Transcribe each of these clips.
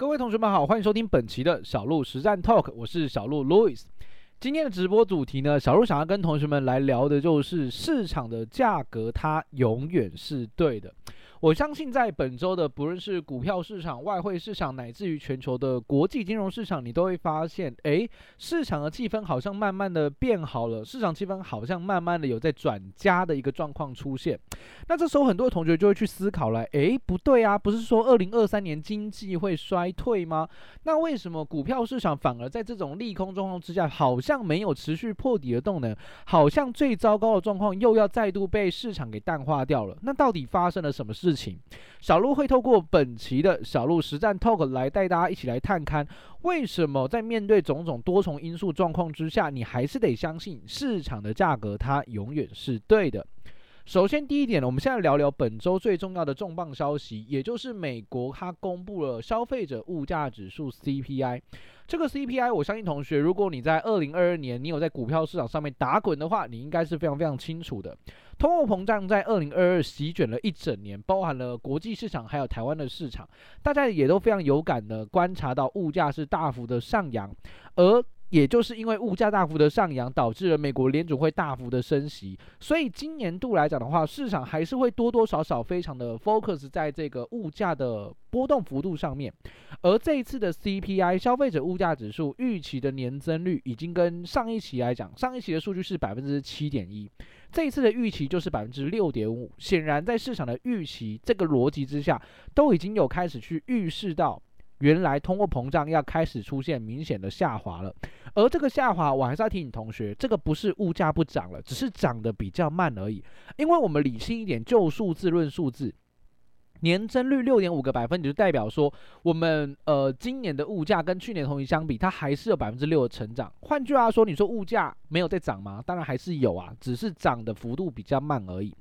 各位同學們好，歡迎收聽本期的小鹿實戰 Talk，我是小鹿 Louis。今天的直播主題呢，小鹿想要跟同學們來聊的就是市場的價格，它永遠是對的。我相信在本周的不論是股票市場、外匯市場，乃至於全球的國際金融市場，你都會發現，誒、欸，市場的氣氛好像慢慢的變好了，市場氣氛好像慢慢的有在轉佳的一個狀況出現。那這時候很多同學就會去思考了，誒、欸，不對啊，不是說二零二三年經濟會衰退嗎？那為什麼股票市場反而在這種利空狀況之下，好像沒有持續破底的動能，好像最糟糕的狀況又要再度被市場給淡化掉了？那到底發生了什麼事？事情，小路會透過本期的小路實戰 Talk 來帶大家一起來探看，為什麼在面對種種多重因素狀況之下，你還是得相信市場的價格，它永遠是對的。首先，第一點呢，我們現在聊聊本周最重要的重磅消息，也就是美國它公布了消費者物價指數 CPI。這個 CPI，我相信同學，如果你在二零二二年你有在股票市場上面打滾的話，你應該是非常非常清楚的。通貨膨脹在二零二二席捲了一整年，包含了國際市場還有台灣的市場，大家也都非常有感的觀察到物價是大幅的上揚，而也就是因為物價大幅的上揚，導致了美國聯準會大幅的升息，所以今年度來講的話，市場還是會多多少少非常的 focus 在這個物價的波動幅度上面。而這一次的 CPI 消費者物價指數預期的年增率，已經跟上一期來講，上一期的數據是百分之七點一，這一次的預期就是百分之六點五。顯然，在市場的預期這個邏輯之下，都已經有開始去預示到。原來通貨膨脹要開始出現明顯的下滑了，而這個下滑我還是要提醒同學，這個不是物價不漲了，只是漲得比較慢而已。因為我們理性一點，就數字論數字，年增率六點五個百分點，就代表說我們呃今年的物價跟去年同期相比，它還是有百分之六的成長。換句話說，你說物價沒有在漲嗎？當然還是有啊，只是漲的幅度比較慢而已。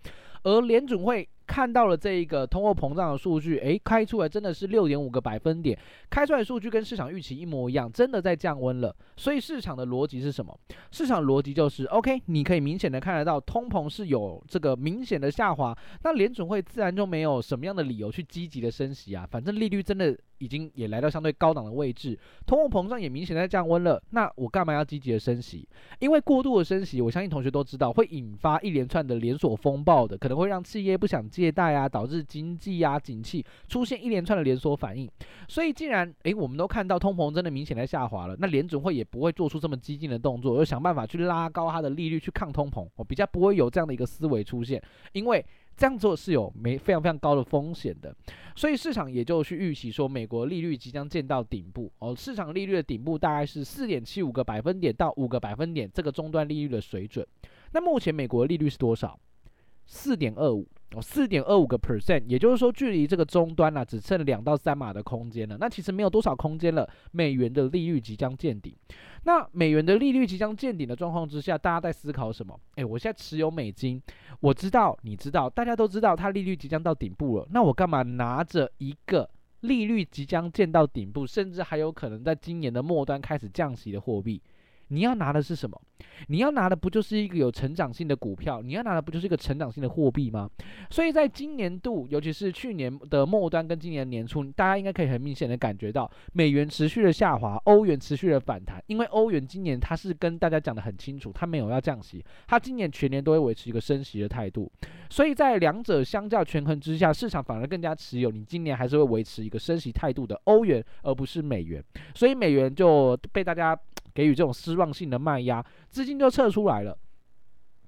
而聯準會，看到了這一個通貨膨脹的數據，誒，開出來真的是六點五個百分點，開出來的數據跟市場預期一模一樣，真的在降溫了。所以市場的邏輯是什麼？市場邏輯就是，OK，你可以明顯的看得到通膨是有這個明顯的下滑，那聯準會自然就沒有什麼樣的理由去積極的升息啊，反正利率真的。已經也來到相對高檔的位置，通貨膨脹也明顯在降溫了。那我幹嘛要積極的升息？因為過度的升息，我相信同學都知道，會引發一連串的連鎖風暴的，可能會讓企業不想借貸啊，導致經濟啊景氣出現一連串的連鎖反應。所以，既然誒，我們都看到通膨真的明顯在下滑了，那聯準會也不會做出這麼激進的動作，又想辦法去拉高它的利率去抗通膨，我、哦、比較不會有這樣的一個思維出現，因為。這樣做是有沒非常非常高的風險的，所以市場也就去預期說，美國利率即將見到頂部哦，市場利率的頂部大概是四點七五個百分點到五個百分點這個終端利率的水準。那目前美國利率是多少？四點二五。哦，四點二五個 percent，也就是說，距離這個終端呢、啊，只剩兩到三碼的空間了。那其實沒有多少空間了。美元的利率即將見頂。那美元的利率即將見頂的狀況之下，大家在思考什麼？誒、欸，我現在持有美金，我知道，你知道，大家都知道，它利率即將到頂部了。那我幹嘛拿着一個利率即將見到頂部，甚至還有可能在今年的末端開始降息的貨幣？你要拿的是什麼？你要拿的不就是一個有成長性的股票？你要拿的不就是一個成長性的貨幣嗎？所以在今年度，尤其是去年的末端跟今年年初，大家應該可以很明顯的感覺到，美元持續的下滑，歐元持續的反彈。因為歐元今年它是跟大家講的很清楚，它沒有要降息，它今年全年都會維持一個升息的態度。所以在兩者相較權衡之下，市場反而更加持有你今年還是會維持一個升息態度的歐元，而不是美元。所以美元就被大家。給予這種失望性的賣壓，資金就撤出來了。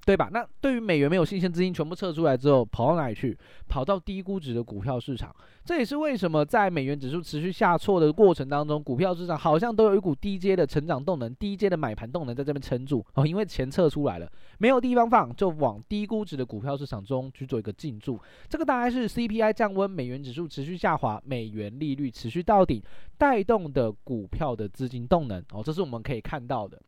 對吧？那對於美元沒有新鮮資金，全部撤出來之後，跑到哪裡去？跑到低估值的股票市場。這也是為什麼在美元指數持續下挫的過程當中，股票市場好像都有一股低階的成長動能、低階的買盤動能在這邊撐住哦。因為錢撤出來了，沒有地方放，就往低估值的股票市場中去做一個進駐。這個大概是 CPI 降溫、美元指數持續下滑、美元利率持續到頂，帶動的股票的資金動能哦，這是我們可以看到的。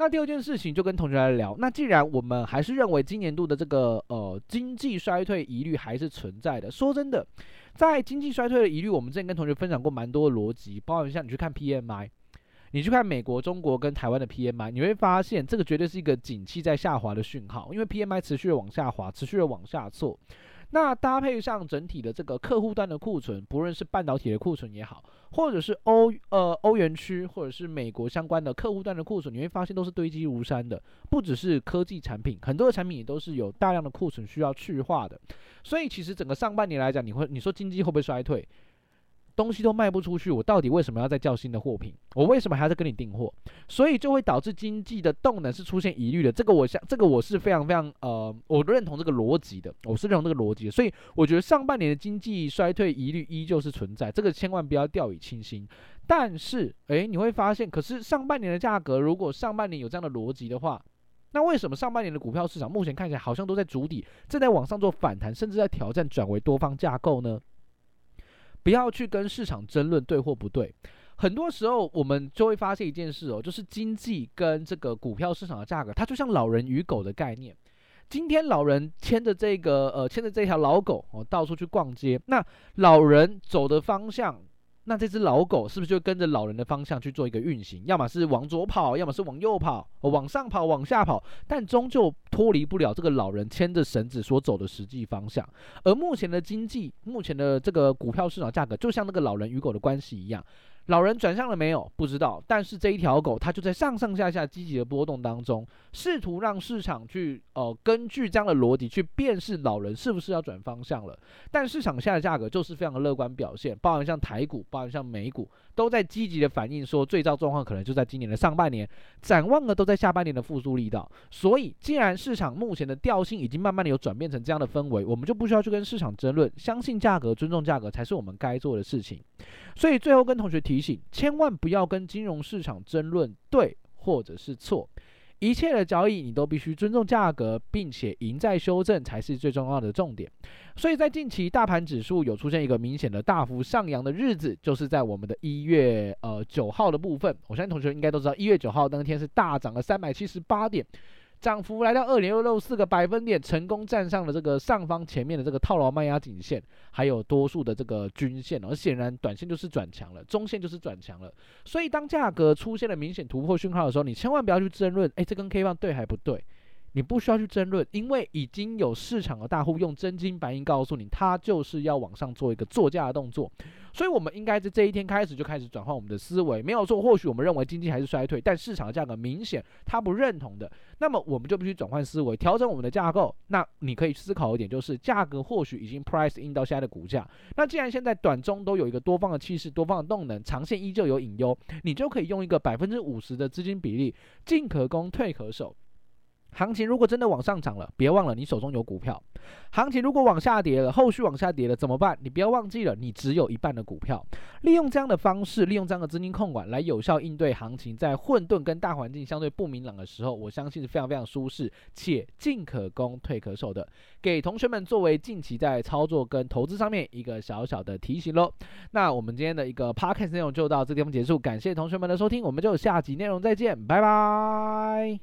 那第二件事情就跟同學來聊。那既然我們還是認為今年度的這個呃經濟衰退疑慮還是存在的，說真的，在經濟衰退的疑慮，我們之前跟同學分享過蠻多的邏輯，包含像你去看 PMI，你去看美國、中國跟台灣的 PMI，你會發現這個絕對是一個景氣在下滑的訊號，因為 PMI 持續的往下滑，持續的往下挫。那搭配上整體的這個客戶端的庫存，不論是半導體的庫存也好，或者是歐呃歐元區，或者是美國相關的客戶端的庫存，你會發現都是堆積如山的。不只是科技產品，很多的產品也都是有大量的庫存需要去化的。所以其實整個上半年來講，你會你說經濟會不會衰退？東西都賣不出去，我到底為什麼要再叫新的貨品？我為什麼還要再跟你訂貨？所以就會導致經濟的動能是出現疑慮的。這個我想，這個我是非常非常呃，我認同這個邏輯的，我是認同這個邏輯的。所以我覺得上半年的經濟衰退疑慮依舊是存在，這個千萬不要掉以輕心。但是，欸，你會發現，可是上半年的價格，如果上半年有這樣的邏輯的話，那為什麼上半年的股票市場目前看起來好像都在築底，正在往上做反彈，甚至在挑戰轉為多方架構呢？不要去跟市場爭論對或不對，很多時候我們就會發現一件事哦，就是經濟跟這個股票市場的價格，它就像老人與狗的概念。今天老人牽着這個呃，牽着這條老狗哦，到處去逛街，那老人走的方向。那這隻老狗是不是就跟着老人的方向去做一個運行？要麼是往左跑，要麼是往右跑，往上跑，往下跑，但終究脫離不了這個老人牽着繩子所走的實際方向。而目前的經濟，目前的這個股票市場價格，就像那個老人與狗的關係一樣。老人轉向了沒有？不知道。但是這一條狗，它就在上上下下積極的波動當中，試圖讓市場去呃，根據這樣的邏輯去辨識老人是不是要轉方向了。但市場下的價格就是非常的樂觀表現，包含像台股，包含像美股，都在積極的反應說，最糟狀況可能就在今年的上半年，展望呢都在下半年的復甦力道。所以，既然市場目前的調性已經慢慢的有轉變成這樣的氛圍，我們就不需要去跟市場爭論，相信價格，尊重價格才是我們該做的事情。所以最後跟同學提醒，千萬不要跟金融市場爭論對或者是錯，一切的交易你都必須尊重價格，並且贏在修正才是最重要的重點。所以在近期大盤指數有出現一個明顯的大幅上揚的日子，就是在我們的一月呃九號的部分，我相信同學應該都知道，一月九號當天是大漲了三百七十八點。漲幅來到二點六六四個百分點，成功站上了這個上方前面的這個套牢賣壓頸線，還有多數的這個均線，哦。而顯然，短線就是轉強了，中線就是轉強了。所以，當價格出現了明顯突破訊號的時候，你千萬不要去爭論，哎，這根 K 棒對還不對？你不需要去爭論，因為已經有市場的大戶用真金白銀告訴你，他就是要往上做一個作價的動作。所以，我們應該在這一天開始就開始轉換我們的思維。沒有說或許我們認為經濟還是衰退，但市場的價格明顯他不認同的，那麼我們就必須轉換思維，調整我們的架構。那你可以思考一點，就是價格或許已經 price in 到現在的股價。那既然現在短中都有一個多方的氣勢、多方的動能，長線依舊有隱憂，你就可以用一個百分之五十的資金比例，進可攻，退可守。行情如果真的往上漲了，別忘了你手中有股票。行情如果往下跌了，後續往下跌了怎麼辦？你不要忘記了，你只有一半的股票。利用這樣的方式，利用這樣的資金控管來有效應對行情，在混沌跟大環境相對不明朗的時候，我相信是非常非常舒適且進可攻退可守的。給同學們作為近期在操作跟投資上面一個小小的提醒嘍。那我們今天的一個 podcast 內容就到這地方結束，感謝同學們的收聽，我們就下集內容再見，拜拜。